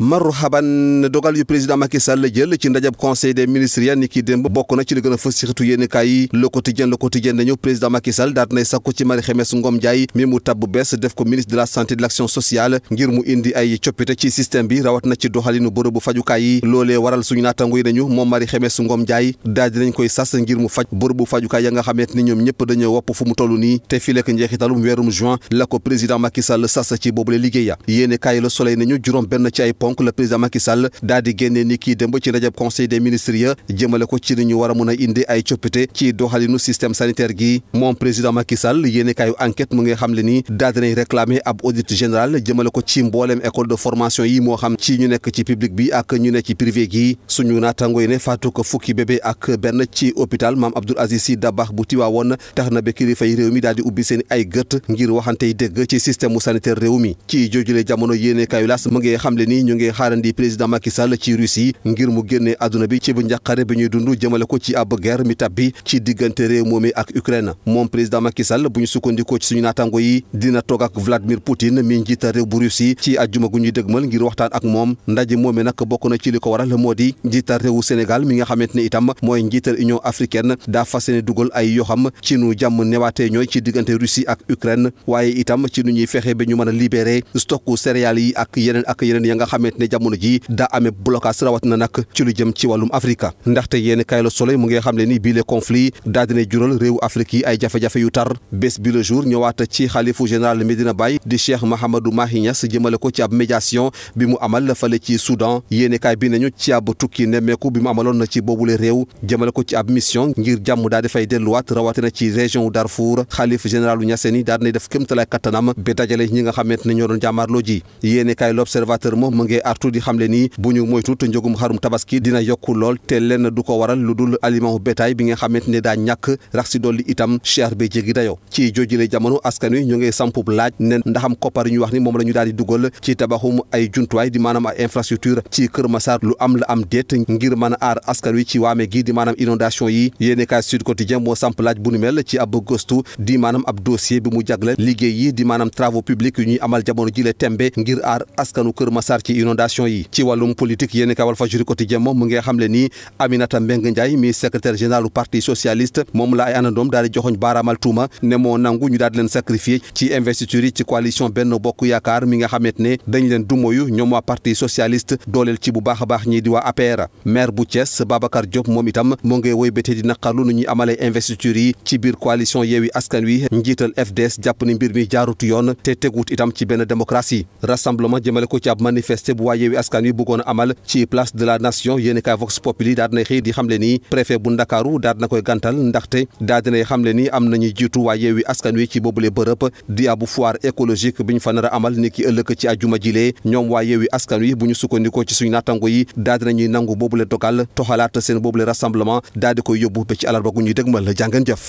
marhaban dogal yu président Macky Sall ci ndajab conseil des ministres ya ni ki démb bokk na ci li gën a fës ci xëtu yéenekaay yi le quotidien nañu président Macky Sall daat nay sàkku ci Marie Khemesse Ngom Ndiaye mi mu tabb bees def ko ministre de la santé na ci doxalinu bërëbu fajukaay yi loolee waral suñu naatango yi nañu moom Marie Khemesse Ngom Ndiaye daal dinañ koy sas ngir mu faj bërëbu fajukaay ya nga xamante ni ñoom ñëpp dañoo wopp fu mu toll nii te fi lekk njeexitalum weerum juin la président Macky sas ci boobule le soleil nañu donc le président Macky Sall daal di génnee ni kii jëmale ko ci mbooleem école de formation yi moo xam ci ñu nekk ci public bi ak ñu nekk ci privé gi suñu naataango yi ne faatu ko fukki bébé ak benn ci hôpital maam Abdoul Aziz Sy Dabakh bu Tiwaawoon tax na ba kilifa yi réew mi daal di ubbi seen ay gët ngir waxante yi ci système sanitaire réew mi ci joojule jamono yéene las mu ngi xam le ni ngi xaarandi président Macky Sall ci Russie ngir mu génne àdduna bi ci bu njàqare bi ñuy dund jëmale ko ci ab guerre mi tab bi ci diggante réew moomi mi njiita réew bu waxtaan ak moom ndaje moomi nag bokk na ci li ko waral moo di njiita réewu Sénégal mi nga xamante ne itam mooy njiital Union africaine daa fas waaye itam ci nu ñuy fexe ba ñu mën a libéré stocku céréales yi ak yeneen ak nga xam xamante ne jamono jii daa amee blocage rawat na nag ci lu jëm ci wàllum Afrique ndaxte yéen kaay la Soleil mu ngi xam bii le conflit daa dina jural réewu Afrique ay jafe-jafe yu tar bés bi le jour ñëwaat ci xalifu général Medina Baye di Cheikh Mahamadou Mahi Niass jëmale ko ci ab médiation bi mu amal la fale ci Soudan yéen kaay bi nañu ci ab tukki nemmeeku bi mu amaloon na ci boobule réew jëmale ko ci ab mission ngir jàmm daa dafay delluwaat rawatina ci région wu Darfour xalif généralu Niassène yi daa dinay def kémtalaay kattanam ba dajale ñi nga xamante ne ñoo doon ngi artu di xamle ni bu ñu moytut njëgum xarum tabaski dina yokku lool ne daa ñàkk rax si dolli itam cher bi jéggi dayo ci jojile jamono askan wi ñu ngi sampub laaj ne ndaxam koppar yu ñu wax ni moom la ñu daal di dugal ci tabaxum ay juntuwaay di maanaam ay infrastructure ci Kër Massar lu am la am déet ngir mën a aar askan wi ci waame gi di maanaam inondation yi yéene kaay Sud Quotidien moo samp laaj bu nu mel ci ab gëstu di maanaam ab dossier bi mu jagle liggéey yi di maanaam travaux publics yu ñuy amal jamono jile tembe ngir aar askanu Kër Massar ci inondation yi ci wàllum politique yéeni kawal Walfadjri quotidien moom mu ngi xamle ni Aminata Mbengue Ndiaye mi secrétaire général parti socialiste moom la ay àndandoom daal joxoñ baaraamal tuuma ne moo nangu ñu daal leen sacrifié ci investiture yi ci coalition benn bokk yaakaar mi nga xamante ne dañ leen dumoyu ñoom waa parti socialiste dooleel ci bu baax a baax ñii di waa APR maire bu Thiès Babacar Diop moom itam moo ngi woy béte di naqarlu nu ñuy amalee investiture yi ci biir coalition Yewwi Askan Wi njiital FDS jàpp mbir mi jaarut yoon te tegut itam ci benn démocratie rassemblement jëmale marché bu waa Yewwi Askan Wi bëggoon a amal ci place de la nation yéeni kaay Vox Populi daal xëy di xamle ni préfet bu Ndakaaru daal koy gàntal ndaxte daal xamle ni am nañu jiitu waa Yewwi Askan Wi ci boobule bërëb di abu foire écologique bi fa nar a amal ni ki ëllëg ci àjjuma jilee ñoom waa Yewwi Askan Wi bu ñu sukkandikoo ci suñu naatango yi daal dinañuy nangu boobule dogal toxalaat seen boobule rassemblement daal koy yóbbu ba ci àllarba